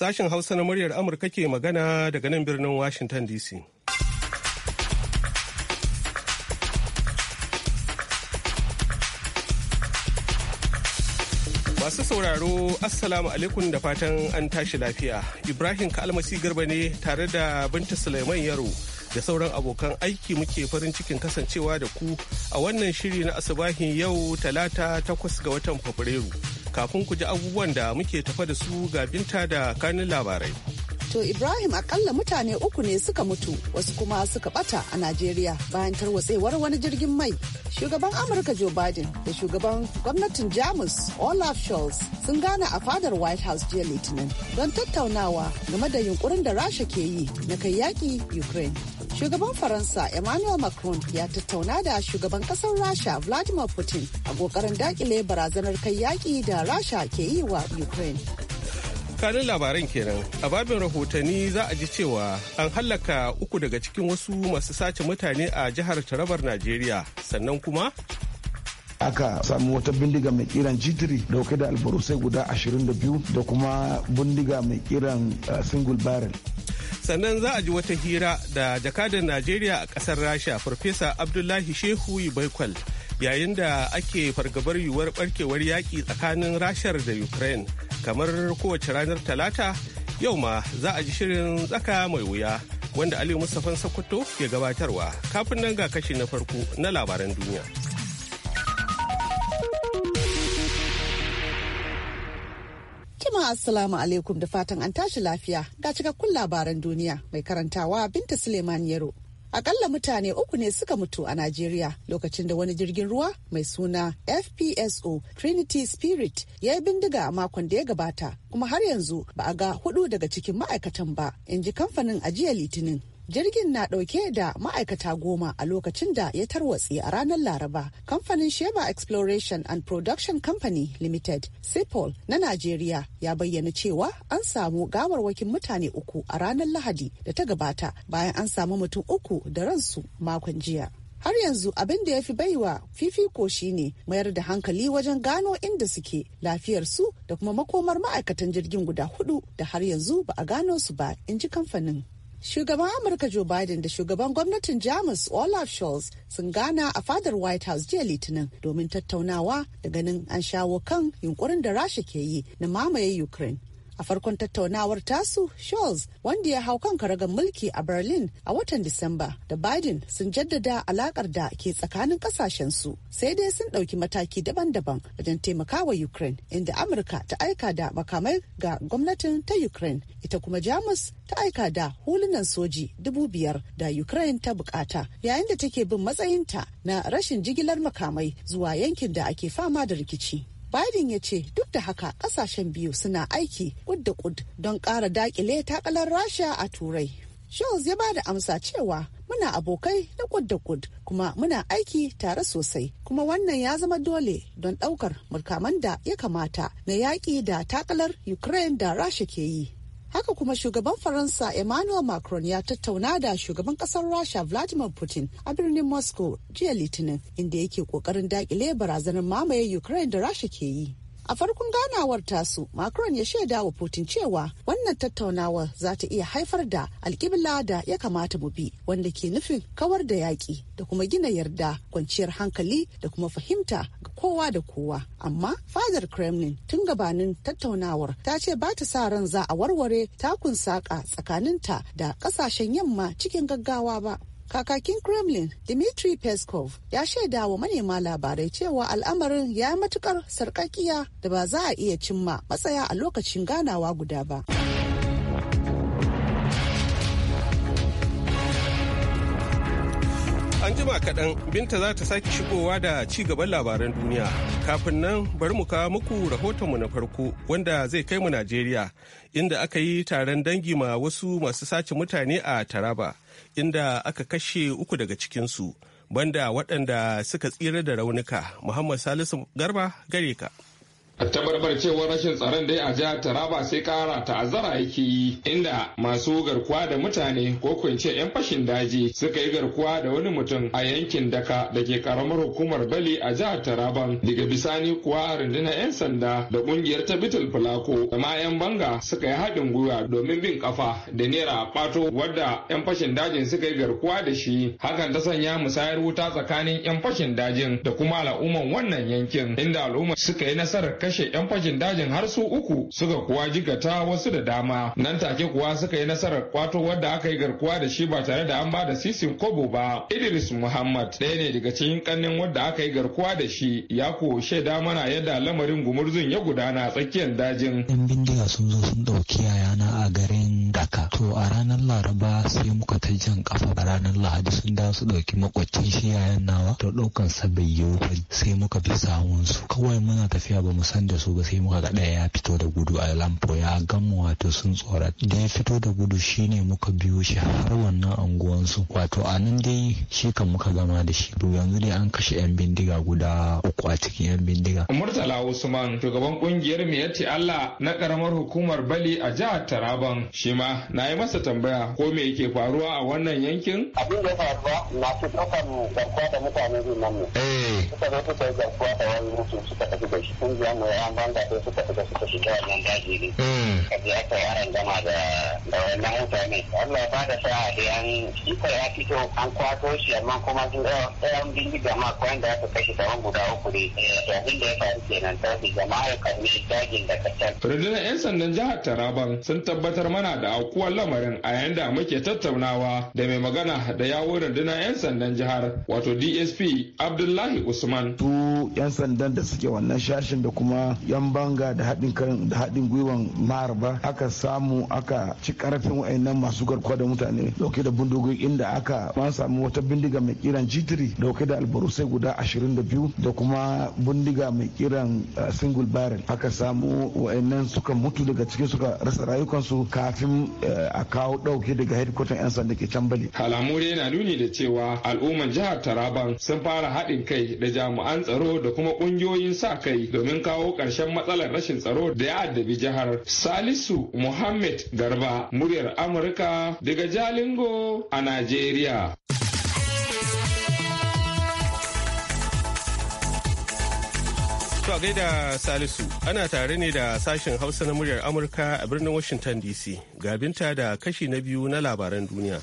Sashen Hausa na muryar Amurka ke magana daga nan birnin Washington DC. Masu sauraro, Assalamu alaikum da fatan an tashi lafiya. Ibrahim Kalmasi Garba ne tare da Binta Sulaiman Yaro da sauran abokan aiki muke farin cikin kasancewa da ku a wannan shiri na Asabahin yau talata takwas ga watan Fabrairu. kafin ku ji abubuwan da muke tafa da su ga binta da kanin labarai. To Ibrahim akalla mutane uku ne suka mutu wasu kuma suka bata a Najeriya bayan tarwatsewar wani jirgin mai. Shugaban Amurka Joe Biden da shugaban gwamnatin Jamus Olaf Scholz sun gane a fadar White House jiya Litinin don tattaunawa game da yunkurin da Rasha ke yi na kai yaƙi Ukraine. Shugaban Faransa Emmanuel Macron ya tattauna da shugaban kasar Rasha Vladimir Putin a kokarin dakile barazanar kai yaƙi da Rasha ke yi wa Ukraine. kanin labaran kenan a babin rahotanni za a ji cewa an hallaka uku daga cikin wasu masu sace mutane a jihar tarabar najeriya sannan kuma aka samu wata bindiga mai kiran jitiri dauke da albarusai guda 22 da kuma bindiga mai kiran eh, single barrel sannan za a ji wata hira da jakadan najeriya a ƙasar rasha farfesa abdullahi shehu baikwal yayin da ake fargabar yiwuwar barkewar yaƙi tsakanin rashar da ukraine kamar kowace ranar talata yau ma za a ji shirin tsaka mai wuya wanda ali mustapha Sakoto ke gabatarwa kafin nan ga kashi na farko na labaran duniya jama'a assalamu alaikum da fatan an tashi lafiya ga cikakkun labaran duniya mai karantawa Binta Suleiman Yaro. Akalla mutane uku ne suka mutu a Najeriya lokacin da wani jirgin ruwa mai suna FPSO Trinity Spirit ya yi bindiga a makon da ya gabata kuma har yanzu ba a ga hudu daga cikin ma'aikatan ba, in ji kamfanin ajiyar Litinin. jirgin na dauke da ma'aikata goma a lokacin da ya tarwatse a ranar laraba kamfanin sheba exploration and production company limited sepol na nigeria ya bayyana cewa an samu gawarwakin mutane uku a ranar lahadi da ta gabata bayan an samu mutum uku da ransu makon jiya har yanzu abin da ya fi baiwa fifiko shine mayar da hankali wajen gano inda suke lafiyar su da kuma makomar ma'aikatan jirgin guda hudu da har yanzu ba a gano su ba in ji kamfanin Shugaban Amurka Joe Biden da shugaban gwamnatin Jamus Olaf Scholz sun gana a fadar White House jiya Litinin domin tattaunawa da ganin an shawo kan yunkurin da Rasha ke yi na mamaye Ukraine. a farkon tattaunawar tasu Scholz wanda ya hau kan karagar mulki a Berlin a watan Disamba da Biden sun jaddada alakar da ke tsakanin kasashen su sai dai sun ɗauki mataki daban-daban wajen taimakawa Ukraine inda Amurka ta aika da makamai ga gwamnatin ta Ukraine ita kuma Jamus ta aika da hulunan soji dubu biyar da Ukraine ta bukata yayin da take bin matsayinta na rashin jigilar makamai zuwa yankin da ake fama da rikici. Biden ya ce duk da haka kasashen biyu suna aiki kud da kud don ƙara dakile takalar Rasha a Turai. Scholz ya ba da amsa cewa muna abokai na kud da kud kuma muna aiki tare sosai kuma wannan ya zama dole don ɗaukar murkaman da ya kamata na yaƙi da takalar Ukraine da Rasha ke yi. haka kuma shugaban faransa emmanuel macron ya tattauna da shugaban kasar rasha vladimir putin a birnin moscow jiya litinin inda yake kokarin dakile barazanar mamaye ukraine da rasha ke yi A farkon ganawar tasu, Macron ya shaida wa Putin cewa wannan tattaunawar za ta iya haifar da alkibla da ya kamata mu bi wanda ke nufin kawar da yaƙi da kuma gina yarda kwanciyar hankali da kuma fahimta ga kowa da kowa. Amma fadar Kremlin tun gabanin tattaunawar ta ce ba ta sa ran za a warware takun saƙa tsakaninta da ƙasashen yamma cikin gaggawa ba. Kakakin Kremlin Dmitry Peskov ya shaida wa manema labarai cewa al'amarin ya yi matukar sarkakiya da ba za a iya cimma matsaya a lokacin ganawa guda ba. An jima kaɗan binta za ta sake shigowa da ci gaban labaran duniya. Kafin nan bari mu kawo muku rahotonmu na farko wanda zai kai mu Najeriya inda aka yi taron dangi ma wasu masu sace mutane a Taraba inda aka kashe uku daga cikinsu banda waɗanda suka tsira da raunuka. Muhammad Salisu Garba gare ka. A cewa rashin tsaron dai a jihar taraba sai kara ta'azzara yake yi inda masu garkuwa da mutane ko kwance 'yan fashin daji suka yi garkuwa da wani mutum a yankin daka da ke karamar hukumar bali a jihar taraban daga bisani kuwa a rundunar 'yan sanda da kungiyar ta bitul fulako da ma 'yan banga suka yi haɗin gwiwa domin bin kafa da a ɓato wadda 'yan fashin dajin suka yi garkuwa da shi hakan ta sanya musayar wuta tsakanin 'yan fashin dajin da kuma al'umman wannan yankin inda al'umma suka yi nasarar kashe 'yan fashin dajin har su uku suka kuwa jigata wasu da dama nan take kuwa suka yi nasarar kwato wadda aka yi garkuwa da shi ba tare da an ba da sisin kobo ba idris muhammad ɗaya ne daga cikin kannin wadda aka yi garkuwa da shi ya ko shaida mana yadda lamarin gumurzun ya gudana tsakiyar dajin yan bindiga sun zo sun ɗauki yayana a garin daka to a ranar laraba sai muka ta jan kafa a ranar lahadi sun da su ɗauki makwacin shi yayan nawa to ɗaukan sa bai sai muka bi samun su kawai muna tafiya ba mu san kusan da su ba sai muka ga ɗaya ya fito da gudu a lampo ya gamu wato sun tsora da ya fito da gudu shine muka biyo shi har wannan su wato a nan dai shi kan muka gama da shi to yanzu dai an kashe yan bindiga guda uku a cikin yan bindiga. Murtala Usman shugaban kungiyar Miyatti Allah na karamar hukumar Bali a jihar Taraban shi ma na yi masa tambaya ko me yake faruwa a wannan yankin? Abin da faruwa su kafan garkuwa da mutane zai nan ne. Eh. Suka zo suka yi garkuwa da wani mutum suka tafi da shi kungiyar mai yan banga sai suka fita suka shiga wannan daji ne kaje hmm. aka yi aran gama da da wannan mutane Allah ya bada sa'a da yan iko ya fito an kwato shi amma kuma sun eh, ɗayan bindiga ma da aka kashe tsawon guda uku ne to eh, abin da ya faru kenan ta fi jama'a karni dajin da kacan. Rundunar 'yan sandan jihar Taraban sun tabbatar mana da aukuwar lamarin a yayin da muke tattaunawa da mai magana da yawo rundunar 'yan sandan jihar wato DSP Abdullahi Usman. Su 'yan sandan da suke wannan shashin da kuma kuma yan banga da haɗin kan da haɗin gwiwan maharba aka samu aka ci karfin wa'annan masu garkuwa da mutane dauke da bindigogi inda aka ma samu wata bindiga mai kiran jitiri dauke da albarusai guda 22 da kuma bindiga mai kiran eh, single barrel aka samu wa'annan suka mutu daga cikin suka rasa rayukansu kafin eh, a kawo dauke daga headquarter yan sanda ke can bali alamu na nuni da cewa al'umman jihar taraban sun fara haɗin kai da jami'an tsaro da kuma ƙungiyoyin sa kai domin kawo kawo ƙarshen matsalar rashin tsaro da ya addabi jihar salisu muhammad garba muryar amurka daga jalingo a najeriya To gaida Salisu ana tare ne da sashen Hausa na muryar Amurka a birnin Washington DC ga binta da kashi na biyu na labaran duniya.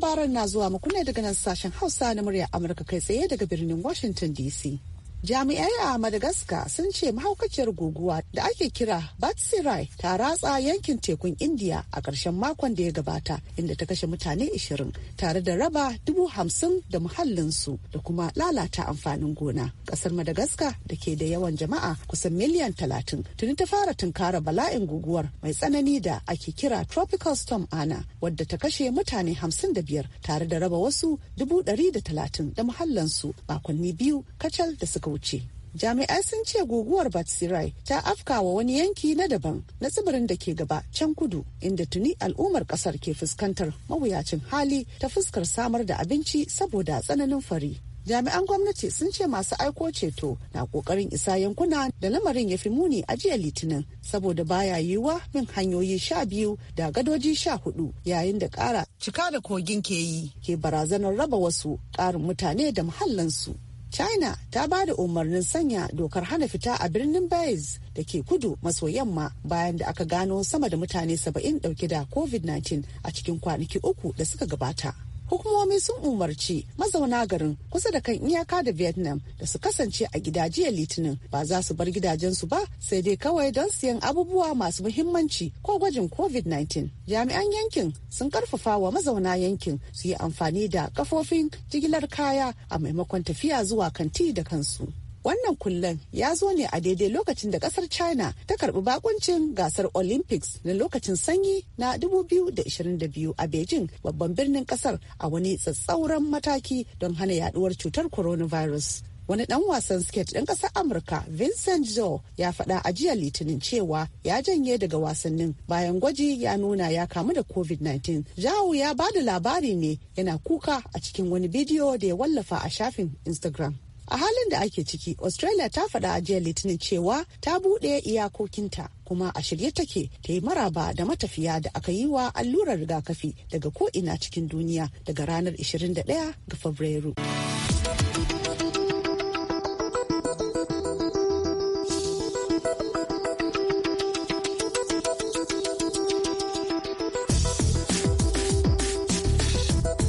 labaran na zuwa muku ne daga nan sashen Hausa na murya Amurka kai tsaye daga birnin Washington DC. Jami'ai a Madagascar sun ce mahaukaciyar guguwa da ake kira Batsirai ta ratsa yankin tekun Indiya a ƙarshen makon da ya gabata inda ta kashe mutane 20 tare da raba dubu hamsin da muhallinsu da kuma lalata amfanin gona. Ƙasar Madagascar da ke da yawan jama'a kusan miliyan 30 tuni ta fara tunkara bala'in guguwar mai tsanani da ake kira Tropical Storm Ana wadda ta kashe mutane 55 tare da raba wasu dubu 130 da muhallinsu makonni biyu kacal da suka suka jami'ai sun ce guguwar batsirai ta afka wa wani yanki na daban na tsibirin da ke gaba can kudu inda tuni al'ummar kasar ke fuskantar mawuyacin hali ta fuskar samar da abinci saboda tsananin fari jami'an gwamnati sun ce masu aiko ceto na kokarin isa yankuna da lamarin ya fi muni a jiya litinin saboda baya yiwuwa min hanyoyi sha biyu da gadoji sha hudu yayin da kara cika da kogin ke yi ke barazanar raba wasu karin mutane da muhallansu. china ta ba da umarnin sanya dokar hana fita a birnin baez da ke kudu maso yamma bayan da aka gano sama da mutane 70 dauke da covid-19 a cikin kwanaki uku da suka gabata hukumomi sun umarci mazauna garin kusa da kan iyaka da vietnam da su kasance a gida jiya litinin ba za su bar gidajensu ba sai dai kawai don siyan abubuwa masu muhimmanci ko gwajin covid-19 jami'an yankin sun karfafa wa mazauna yankin su yi amfani da kafofin jigilar kaya a maimakon tafiya zuwa kanti da kansu Wannan kullen ya zo ne a daidai lokacin da kasar China ta karbi bakuncin gasar Olympics na lokacin sanyi na 2022 a Beijing babban birnin kasar a wani tsatsauran mataki don hana yaduwar cutar coronavirus. wani dan wasan skate ɗin ƙasar amurka vincent zo ya faɗa a jiya litinin cewa ya janye daga wasannin bayan gwaji ya nuna ya kamu da covid-19 jawo ya bada labari ne yana kuka a cikin wani bidiyo da ya wallafa a shafin instagram a halin da ake ciki australia ta faɗa a jiya litinin cewa ta buɗe iyakokinta kuma a shirye take ta yi maraba da matafiya da aka yi wa allurar rigakafi daga ko'ina cikin duniya daga ranar 21 ga fabrairu.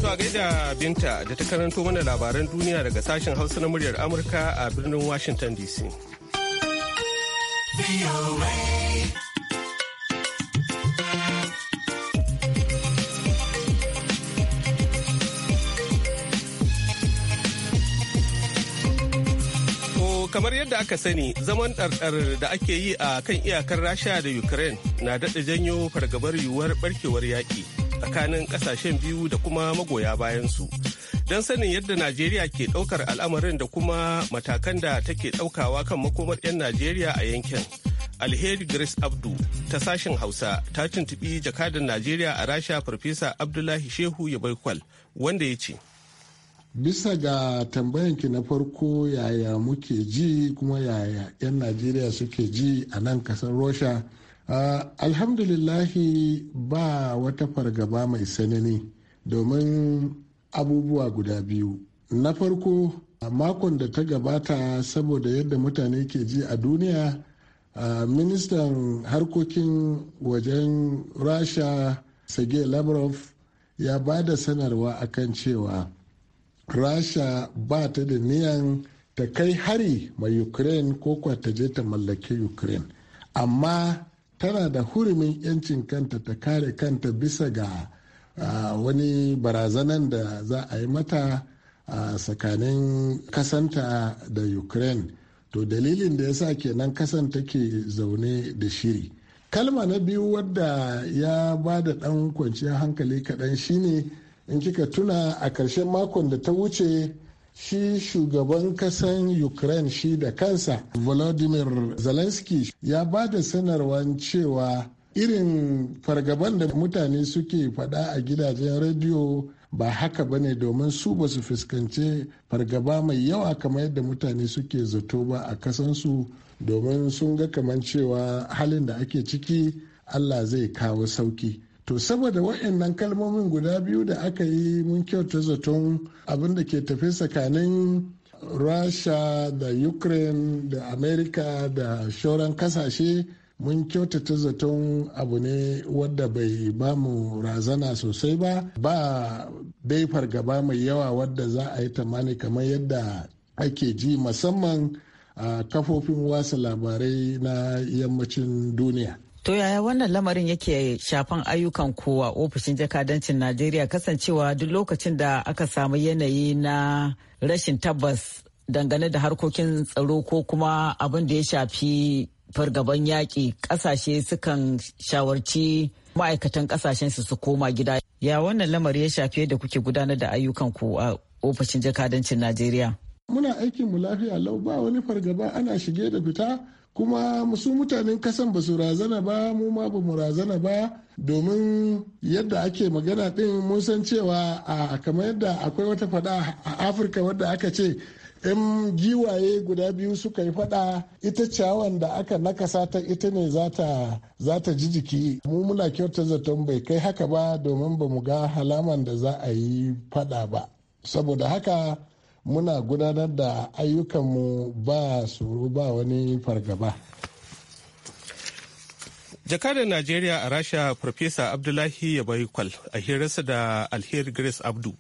a gaida Binta da ta karanto mana labaran duniya daga sashen Hausa na muryar Amurka a birnin Washington DC. kamar yadda aka sani zaman ɗarɗar da ake yi a kan iyakar rasha da ukraine na daɗa janyo fargabar yiwuwar barkewar yaƙi tsakanin kasashen biyu da kuma magoya bayan su don sanin yadda najeriya ke ɗaukar al'amarin da kuma matakan da take ɗaukawa kan makomar 'yan najeriya a yankin alheri grace abdu ta sashen hausa ta tuntuɓi jakadan najeriya a rasha farfesa abdullahi shehu yabaikwal wanda ya ce bisa ga tambayanki na farko yaya muke ji kuma yaya 'yan najeriya suke ji a nan kasar rasha. Ah, alhamdulillahi ba wata fargaba mai tsanani domin abubuwa guda biyu na farko a makon da ta gabata saboda yadda mutane ke ji a duniya ministan harkokin wajen rasha sergei lavrov ya ba da sanarwa akan cewa rasha ba ta da niyan ta kai hari mai ukraine ko ta je ta mallaki ukraine amma tana da hurumin 'yancin kanta ta kare kanta bisa ga uh, wani barazanan da za a yi mata a tsakanin kasanta da ukraine to dalilin da ya sa kenan kasan take zaune da shiri kalma na biyu wadda ya ba da dan kwanciyar hankali kaɗan shine in kika tuna a karshen makon da ta wuce shi shugaban kasan ukraine shi da kansa volodymyr zelensky ya ba da sanarwar cewa irin fargaban da mutane suke faɗa a gidajen rediyo ba haka ba ne domin su ba su fuskanci fargaba mai yawa kamar yadda mutane suke zato ba a kasansu domin sun ga kamar cewa halin da ake ciki allah zai kawo sauki to saboda waɗannan kalmomin guda biyu da aka yi mun kyauta zaton abin da ke tafi tsakanin rasha da ukraine da Amerika da shauran kasashe mun kyautata zaton abu ne wadda bai ba mu razana sosai ba ba dai fargaba mai yawa wadda za a yi tamani kamar yadda ake ji musamman a kafofin wasa labarai na yammacin duniya To yaya wannan lamarin yake shafan ayyukan kowa ofishin jakadancin Najeriya kasancewa duk lokacin da aka samu yanayi na rashin tabbas dangane da harkokin tsaro ko kuma abin da ya shafi fargaban yaƙi ƙasashe sukan shawarci ma'aikatan ƙasashen su su koma gida. Ya wannan lamari ya shafi yadda kuke gudanar da ayyukan ku a ofishin jakadancin Najeriya. Muna aikin mu lafiya lau ba wani fargaba ana shige da fita kuma su mutanen kasan ba su razana ba mu ma ba mu razana ba domin yadda ake magana ɗin mun san cewa a kamar yadda akwai wata fada a afirka wadda aka ce yan giwaye guda biyu suka yi fada ita ciyawan da aka nakasa ta ita ne za ta ji jiki mu muna kyautar zaton bai kai haka ba domin ba mu ga halaman da za a yi fada ba saboda haka muna gudanar da ayyukanmu ba tsoro ba wani fargaba. jakadar najeriya a rasha farfesa abdullahi yabayikwal a hirarsa da alheri grace abdu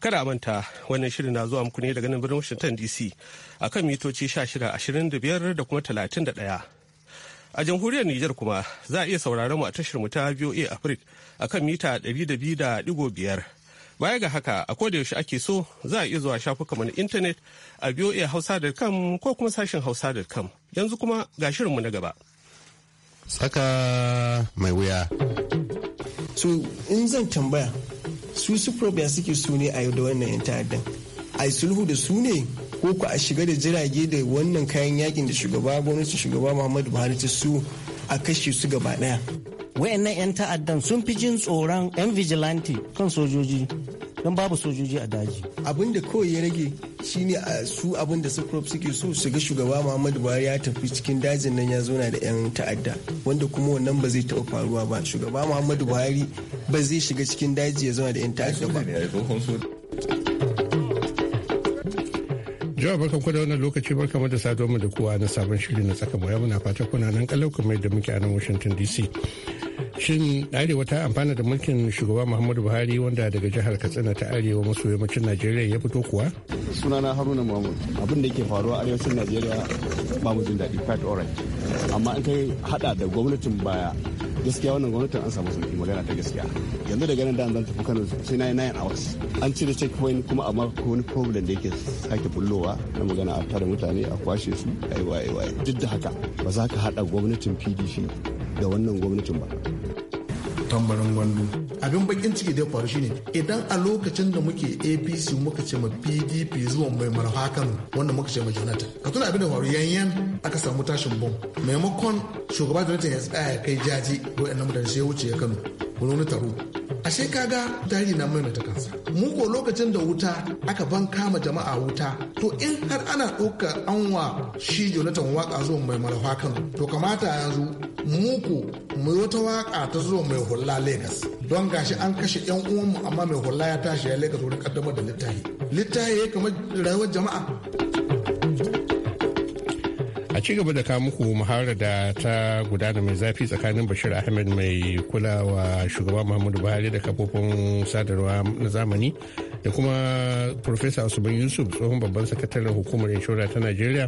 kada manta wannan shirin na zuwa muku ne daga nan birnin washington dc a kan mitoci 1625 da kuma 31 a jamhuriyar niger kuma za a iya sauraron mu a tashar mu ta voa africa a kan mita 200.5 Baya ga haka a koda yaushe ake so za a iya zuwa shafukanmu na intanet a biyo iya hausa da kam ko kuma sashen hausa da kam Yanzu kuma ga shirinmu na gaba. Saka mai wuya. So in zan tambaya su su suke su ne a yau da wannan 'yan ta'addan. A yi sulhu da su ne ko ku a shiga da jirage da wannan kayan yakin da shugaba gwamnati shugaba Muhammadu Buhari ta su a kashe su gaba daya wayannan 'yan ta'addan sun fi jin tsoron 'yan vigilante kan sojoji don babu sojoji a daji abin da kawai ya rage shine a su abin da sukrop suke so su ga shugaba muhammadu buhari ya tafi cikin dajin nan ya zauna da 'yan ta'adda wanda kuma wannan ba zai taɓa faruwa ba shugaba muhammadu buhari ba zai shiga cikin daji ya zauna da 'yan ta'adda ba Jawa barkan ku da wannan lokaci barkan mu da saduwar mu da kowa na sabon shiri na tsaka mu muna fata kuna nan kalau kamar da muke a nan Washington DC. Shin Arewa ta amfana da mulkin shugaba Muhammadu Buhari wanda daga jihar Katsina ta Arewa maso yammacin Najeriya ya fito kuwa? Sunana Haruna Muhammadu abin da ke faruwa arewacin Najeriya ba mu jin daɗi fat orange amma in kai hada da gwamnatin baya gaskiya wannan gwamnatin an samu sauki magana ta gaskiya yanzu daga nan da zan tafi kano sai na yi nine hours an cire checkpoint kuma amma ko wani problem da yake sake bullowa na magana a tare mutane a kwashe su a waye waye duk da haka ba za ka haɗa gwamnatin pdp da wannan gwamnatin ba tambarin gwandu abin bakin ciki da ya faru shine idan a lokacin da muke apc muka ce ma pdp zuwa mai marfa kano wanda muka ce ma jonathan ka tuna abin da faru yanyan aka samu tashin bom maimakon shugaba jonathan ya tsaya kai jaji ko yan mutane sai ya wuce ya kano wani taro ashe kaga dari na maimaita kansa mu ko lokacin da wuta aka ban kama jama'a wuta to in har ana ɗauka anwa shi jonathan waka zuwa mai marafa kano to kamata yanzu mu ko mu wata waka ta zuwa mai hula lagos don gashi an kashe yan uwanmu amma mai hula ya tashi ya lagos wurin kaddamar da littahi littahi ya kamar rayuwar jama'a a ci gaba da ka muku muhara da ta gudana mai zafi tsakanin bashir ahmed mai kulawa shugaba muhammadu buhari da kafofin sadarwa na zamani da kuma profesa usman yusuf tsohon babban sakataren hukumar inshora ta najeriya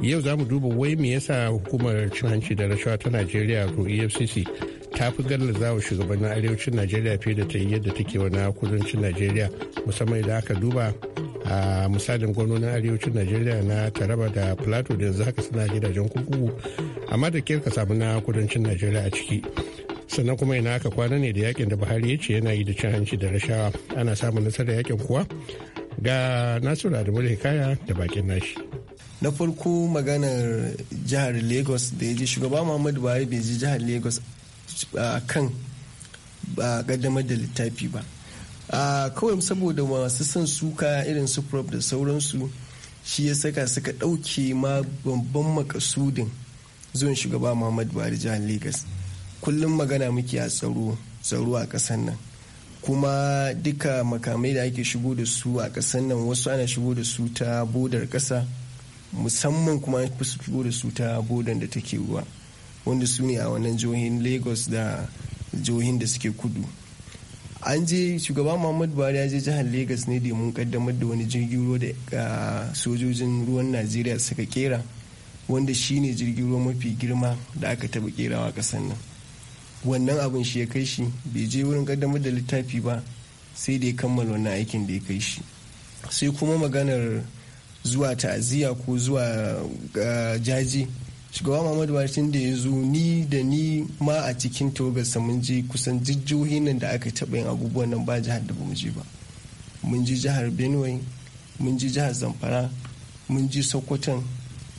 yau za mu duba wai me yasa hukumar cin hanci da rashawa ta najeriya ko efcc ta fi gallaza wa shugabannin arewacin najeriya fiye da ta yi yadda take wa na kudancin najeriya musamman idan aka duba a misalin gwamnonin arewacin najeriya na taraba da plateau da yanzu haka suna gidajen kukuku amma da kyar ka samu na kudancin najeriya a ciki sannan kuma ina aka kwana ne da yakin da buhari ya ce yana yi da cin hanci da rashawa ana samun nasarar yakin kuwa ga nasiru adamu hikaya da bakin nashi na farko maganar jihar lagos da ya ji shugaba muhammadu buhari bai ji jihar lagos kan ba kaddamar da littafi ba kawai saboda masu son suka irin su prop da sauransu shi ya saka suka ɗauke ma babban makasudin zuwan shugaba muhammad buhari jihar lagos kullum magana muke a tsaro tsaro a ƙasar nan kuma duka makamai da ake shigo da su a ƙasar nan wasu ana shigo da su ta bodar ƙasa musamman kuma an fi shigo da su ta bodar da take ruwa wanda su ne a wannan jihohin lagos da jihohin da suke kudu an je shugaban muhammad buhari ya je jihar lagos ne domin kaddamar da wani jirgin ruwa da sojojin ruwan najeriya suka kera wanda shi ne jirgin ruwa mafi girma da aka taba kerawa kasan nan wannan abin shi ya kai shi bai je wurin kaddamar da littafi ba sai da ya kammala wannan aikin da ya kai shi sai kuma maganar zuwa ta'aziyya ko zuwa jaji shugaba muhammadu buhari tun da ya zo ni da ni ma a cikin togarsa mun je kusan jijjohin nan da aka taɓa yin abubuwan nan ba jihar da bamu je ba mun je jihar benue mun je jihar zamfara mun je sokoton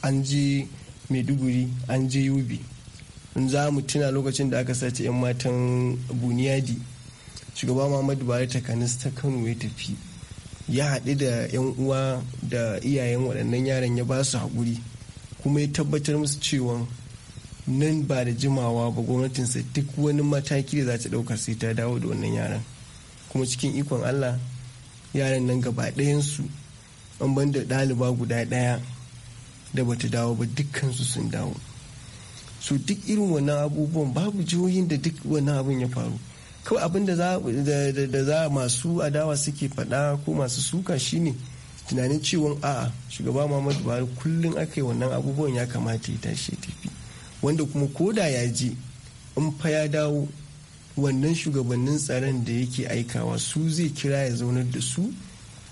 an je maiduguri an je yobe za mu tuna lokacin da aka sace 'yan matan buniyadi shugaba muhammadu buhari ta kanista ta kano ya tafi ya haɗu da 'yan uwa da iyayen waɗannan yaran ya ba su haƙuri kuma ya tabbatar musu cewa nan ba da jimawa ba gwamnatinsa duk wani mataki da za ta ɗauka sai ta dawo da wannan yaran kuma cikin ikon allah yaran nan gaba ɗayansu an ban da ɗaliba guda ɗaya da bata dawo ba dukkansu sun dawo so duk irin wannan abubuwan babu jihohin da duk wannan abin ya faru kawai abin da za masu adawa suke faɗa ko masu suka shine ne tunanin ciwon a'a shugaba muhammadu buhari kullum aka yi wannan abubuwan ya kamata ya tashi tafi wanda kuma ko da ya je in fa ya dawo wannan shugabannin tsaron da yake aikawa su zai kira ya zaunar da su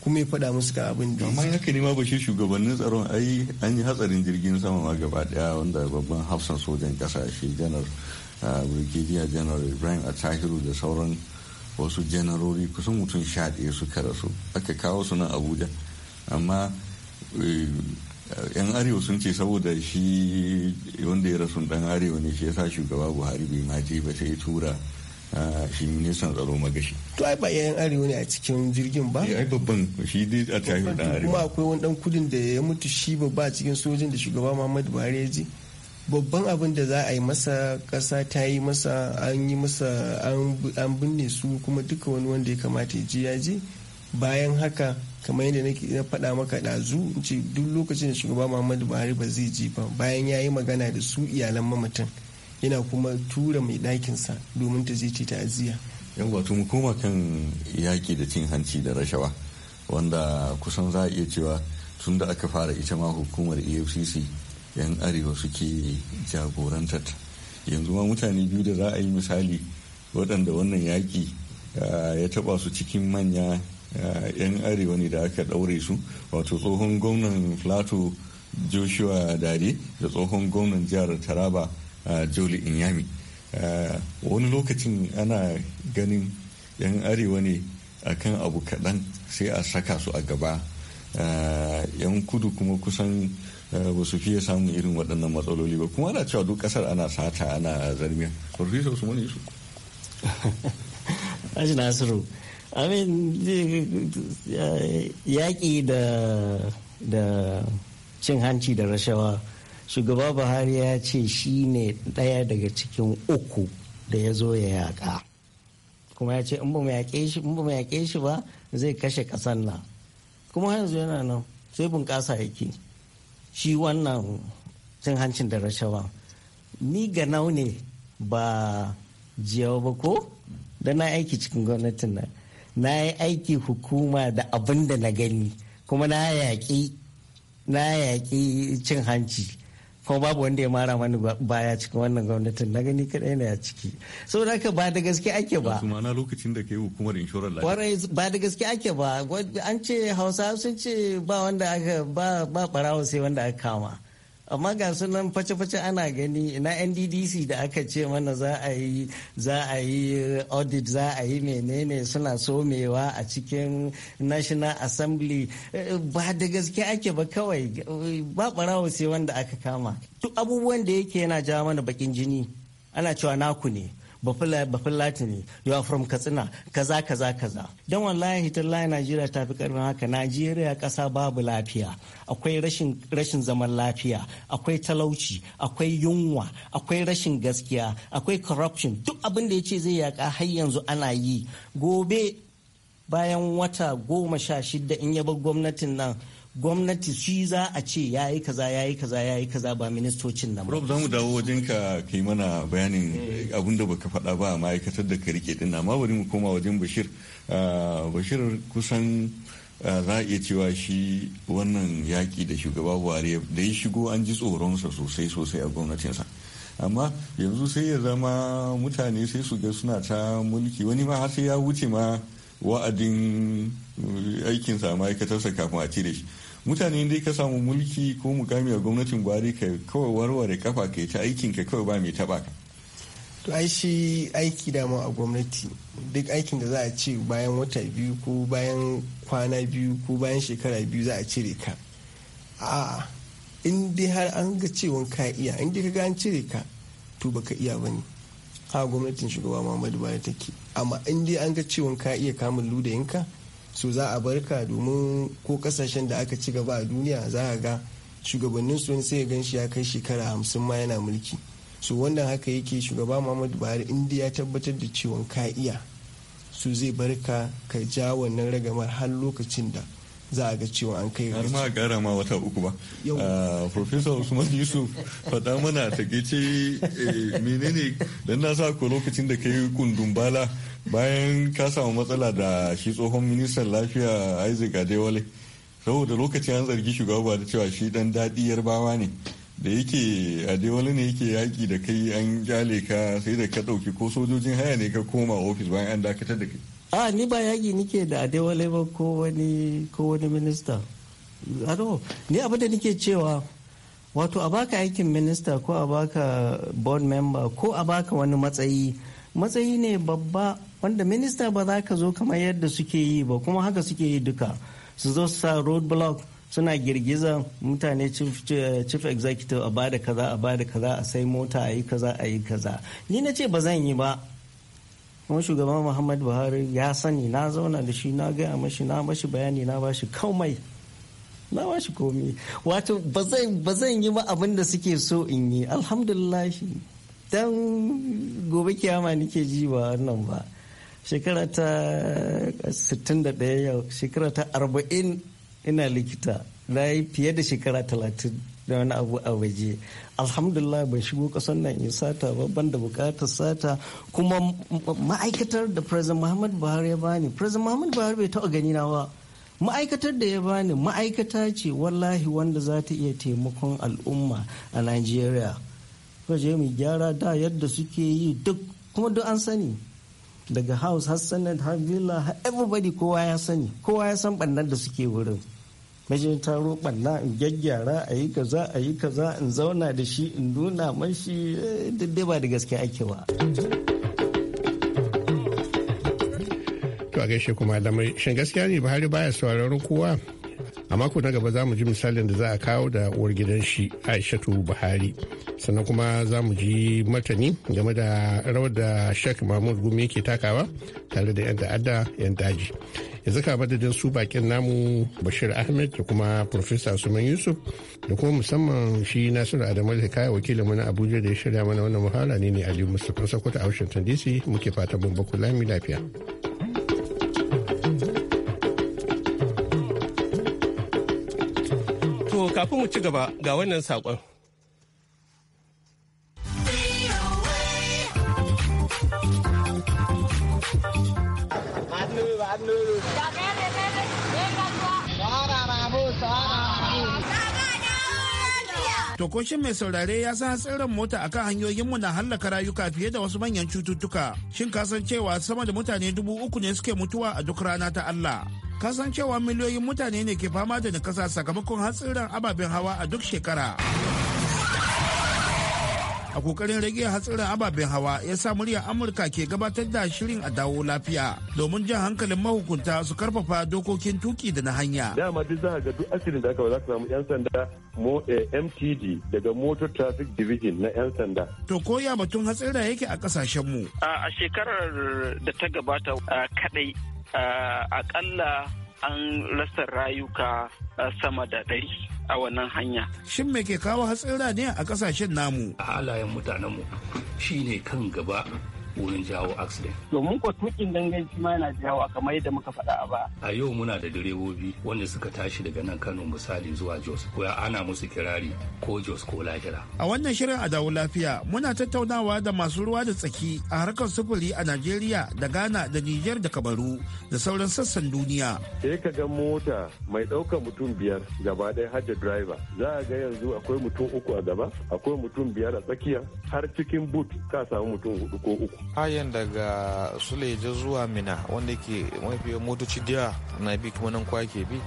kuma ya faɗa musu ka abin da amma haka ne ma ba shi shugabannin tsaron ai an yi hatsarin jirgin sama ma gaba daya wanda babban hafsan sojan kasashe shi janar brigadier janar ibrahim atahiru da sauran wasu janarori kusan mutum sha ɗaya suka rasu aka kawo su nan abuja amma eh, yan arewa sun ce saboda shi wanda ya rasu dan arewa ne shi ya sa shugaba buhari bai ma ba sai ya tura ah, shi ministan tsaro magashi to ai ba yan arewa ne a cikin jirgin ba eh, ai babban shi dai a tafi dan arewa kuma akwai wani dan kudin da ya mutu shi ba a cikin sojin da shugaba muhammadu buhari ya ji babban abin da za a yi masa kasa ta yi masa an yi masa an binne su kuma duka wani wanda ya kamata ya ji ya ji bayan haka kamar yadda na faɗa maka ɗazu ce duk lokacin da shugaba muhammadu buhari ba zai ji ba bayan ya yi magana da su iyalan mamatan yana kuma tura mai ɗakinsa domin ta je ta aziya yan wato mu koma kan yaƙi da cin hanci da rashawa wanda kusan za a iya cewa tun da aka fara ita ma hukumar efcc yan arewa suke jagoranta yanzu ma mutane biyu da za a yi misali waɗanda wannan yaƙi ah, ya taɓa su cikin manya Eh, 'yan arewa ne da aka ɗaure su wato tsohon gwamnan plateau joshua dare da tsohon gwamnan jihar taraba eh, joli inyami eh, wani lokacin ana ganin 'yan arewa ne akan abu kaɗan sai a saka su a gaba 'yan kudu kuma kusan ba su fiye samun irin waɗannan matsaloli ba kuma ana cewa duk ƙasar ana sata ana zarmiya su mani su. Nasiru amin uh, yaƙi da cin hanci da rashawa shugaba buhari ya ce shi ne ɗaya daga cikin uku da ya zo ya yaƙa kuma ya ce in ba mu yaƙe shi ba zai kashe ƙasan nan kuma yanzu yana nan sai bunƙasa yake shi wannan cin hancin da rashawa ni ga nau ne ba jiyawa ba ko da na aiki cikin gwamnatin nan na yi aiki hukuma da abin da na gani kuma na yaƙi na yaƙi cin hanci kuma babu wanda ya mara mani baya cikin wannan gwamnatin na gani kadai na ciki saboda ka ba da gaske ake ba kuma na lokacin da ke hukumar inshorar lafiya ba da gaske ake ba an ce hausa sun ce ba wanda aka ba ba barawo sai wanda aka kama amma ga sunan face-face ana gani na nddc da aka ce mana za a yi za a yi audit za a yi menene suna somewa a cikin national assembly ba da gaske ake ba kawai ba barawo sai wanda aka kama duk abubuwan da yake yana jawo mana bakin jini ana cewa naku ne bafulati you are from katsina kaza kaza kaza dan wallahi tallahi najeriya ta fi karfin haka najeriya kasa babu lafiya akwai rashin rashin zaman lafiya akwai talauci akwai yunwa akwai rashin gaskiya akwai corruption duk abin da ya ce zai yaka har yanzu ana yi gobe bayan wata goma sha shida in yaba gwamnatin nan gwamnati shi za a ce ya yi kaza ya yi kaza ya yi kaza ba ministocin nan Rob za mu dawo wajen ka kai mana bayanin eh. abin da baka faɗa ba a ma'aikatar da ka rike din amma bari mu koma wajen Bashir ah, Bashir kusan ah, za a iya cewa shi wannan yaƙi da shugaba Buhari da ya shigo an ji tsoronsa sosai sosai a gwamnatinsa. amma yanzu sai ya zama mutane sai su ga suna ta mulki wani ma har sai ya wuce ma wa'adin eh, aikinsa a ma'aikatarsa kafin a cire shi mutane dai ka samu mulki ko mukami a gwamnatin buhari ka kawai warware kafa ka ta aikin ka kawai ba mai taba ka to ai shi aiki dama a gwamnati duk aikin da za a ce bayan wata biyu ko bayan kwana biyu ko bayan shekara biyu za a cire ka a in dai har an ga cewon ka iya in dai ka ga an cire ka to baka iya bane a gwamnatin shugaba muhammadu bayan take amma in dai an ga cewon ka iya kamun ludayinka so za a barka domin ko kasashen da aka ci gaba a duniya za a ga shugabannin su sai ya ganshi ya kai shekara hamsin ma yana mulki so wannan haka yake shugaba muhammadu buhari ya tabbatar da ciwon ka iya so zai barka ka ja wannan ragamar har lokacin da za a ga cewa an kai har ma kara ma wata uku ba ah, professor usman yusuf faɗa mana ta takeice eh, menene dan na sa ko lokacin da kai kundun bala bayan ka samu matsala da shi tsohon ministan lafiya isaac adewale saboda lokacin an zargi shugaba da cewa shi dan daɗi yarbawa ne da yake adewale ne yake yaƙi da kai an gyale ka sai da ka ɗauki ko sojojin haya ne ka koma ofis bayan an dakatar da kai a ni ba yaƙi nike da adewale ba ko wani ko wani minista ado ni abin da nike cewa wato a baka aikin minista ko a baka board member ko a baka wani matsayi matsayi ne babba wanda minista ba za ka zo kamar yadda suke yi ba kuma haka suke yi duka su zo su sa road block suna girgiza mutane chief executive a bada kaza a bada kaza a sai mota a yi kaza a yi kaza ni na ce ba zan yi ba kuma shugaban muhammad buhari ya sani na zauna da shi na gaya mashi na mashi bayani na ba shi komai na shi komai wato ba zan yi ba abin da suke so in yi alhamdulillah dan gobe kiyama nike ji ba wannan ba shekara ta 61 shekara ta 40 ina likita na yi fiye da shekara talatin da wani abu a waje alhamdulillah ban shigo kasar nan in sata ba ban da bukatar sata kuma ma'aikatar da president muhammad buhari ya bani president muhammad buhari bai taɓa gani na ba ma'aikatar da ya bani ma'aikata ce wallahi wanda za ta iya taimakon al'umma a nigeria je mu gyara da yadda suke yi duk kuma duk an sani daga house har senate har villa everybody kowa ya sani kowa ya san bannan da suke wurin maje ta roƙon in gyaggyara a yi kaza a yi kaza in zauna da shi in nuna mashi eh, daidai ba da gaske ake ba. To a gaishe kuma lamari shin gaskiya ne Buhari baya sauraron kowa a mako na gaba za mu ji misalin da za a kawo da uwar gidan shi aishatu buhari sannan kuma za mu ji martani game da rawar da sheikh mahmud gumi yake takawa tare da 'yan ta'adda 'yan daji yanzu ka madadin su bakin namu bashir ahmed da kuma profesa suman yusuf da kuma musamman shi nasiru adamu da kaya wakilin mana abuja da ya shirya mana wannan muhala ne ne aliyu mustapha sokoto a washington dc muke fatan mun baku lami lafiya to kafin mu ci gaba ga wannan sakon. To mai saurare ya san hatsarin mota a akan hanyoyinmu na hallaka rayuka fiye da wasu manyan cututtuka. Shin ka san cewa sama da mutane dubu uku ne suke mutuwa a duk rana ta Allah. Ka san cewa miliyoyin mutane ne ke fama da nakasa sakamakon hatsarin ababen hawa a duk shekara. a kokarin rage hatsarin ababen hawa ya sa murya amurka ke gabatar da shirin a dawo lafiya domin jan hankalin mahukunta su karfafa dokokin tuki da na hanya dama duk za ga duk asirin da aka ba za ka samu yan sanda mo eh, mtd daga motor traffic division na yan sanda to ko ya batun hatsarin yake a kasashen mu a shekarar da ta gabata kadai akalla an rasa rayuka sama da ɗari a wannan hanya. Shin me ke kawo hatsin ne a kasashen namu? Halayen mutanenmu shi ne kan gaba wurin jawo accident. Domin ko tukin ganganci ma yana jawo kamar yadda muka faɗa a ba. A yau muna da direbobi wanda suka tashi daga nan Kano misali zuwa Jos ko ana musu kirari ko Jos ko Lahira. A wannan shirin a dawo lafiya muna tattaunawa da masu ruwa da tsaki a harkar sufuri a Najeriya da Ghana da niger da Kabaru da sauran sassan duniya. Sai ka ga mota mai ɗaukar mutum biyar gaba ɗaya har da driver. Za a ga yanzu akwai mutum uku a gaba, akwai mutum biyar a tsakiya har cikin boot ka samu mutum hudu ko uku. hayan daga suleja zuwa mina wanda ke mafi motoci da na bi kuma nan kwa ke bi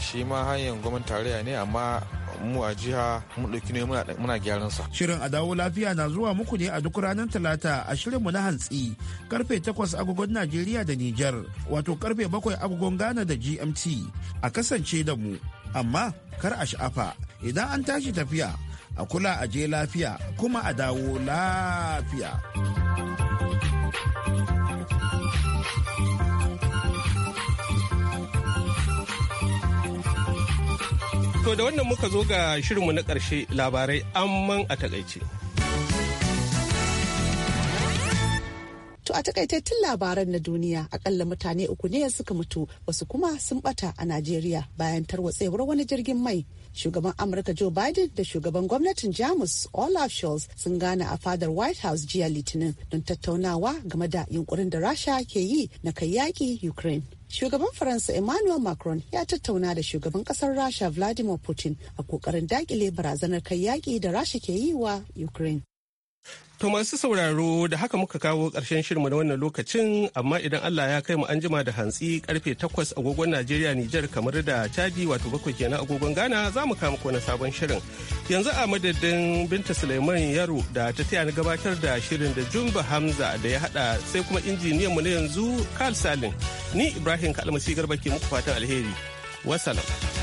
shi ma hayan gwamnati tarayya ne amma mu a jiha mun ɗauki ne muna gyaran sa. Shirin a dawo lafiya na zuwa muku ne a duk ranar talata a shirinmu na hantsi karfe 8 agogon Najeriya da Nijar wato karfe 7 agogon Ghana da GMT a kasance da mu amma kar a sha'afa idan an tashi tafiya a kula a je lafiya kuma a dawo lafiya. To da wannan muka zo ga shirinmu na ƙarshe labarai amman a takaice. To a takaitattun labaran na duniya akalla mutane uku ne suka mutu wasu kuma sun bata a Najeriya bayan tarwatsewar wani jirgin mai. Shugaban Amurka Joe Biden da shugaban gwamnatin Jamus Olaf Scholz sun gane a fadar White House jiya Litinin don tattaunawa game da yunkurin da Rasha ke yi na kai yaƙi Ukraine. shugaban faransa emmanuel macron ya tattauna da shugaban kasar rasha vladimir putin a kokarin dakile barazanar kai yaƙi da rasha ke yi wa ukraine To masu sauraro da haka muka kawo ƙarshen shirmu na wannan lokacin amma idan Allah ya kai mu an jima da hantsi karfe 8 agogon Najeriya Nijar kamar da Chadi wato bakwai kenan agogon Ghana za mu kama kone sabon shirin. Yanzu a madadin Binta Suleiman Yaro da ta taya ni gabatar da shirin da Jumba Hamza da ya haɗa sai kuma injiniyan mu na yanzu Karl Salin. Ni Ibrahim Kalmasi Garba ke muku fatan alheri. wasalam.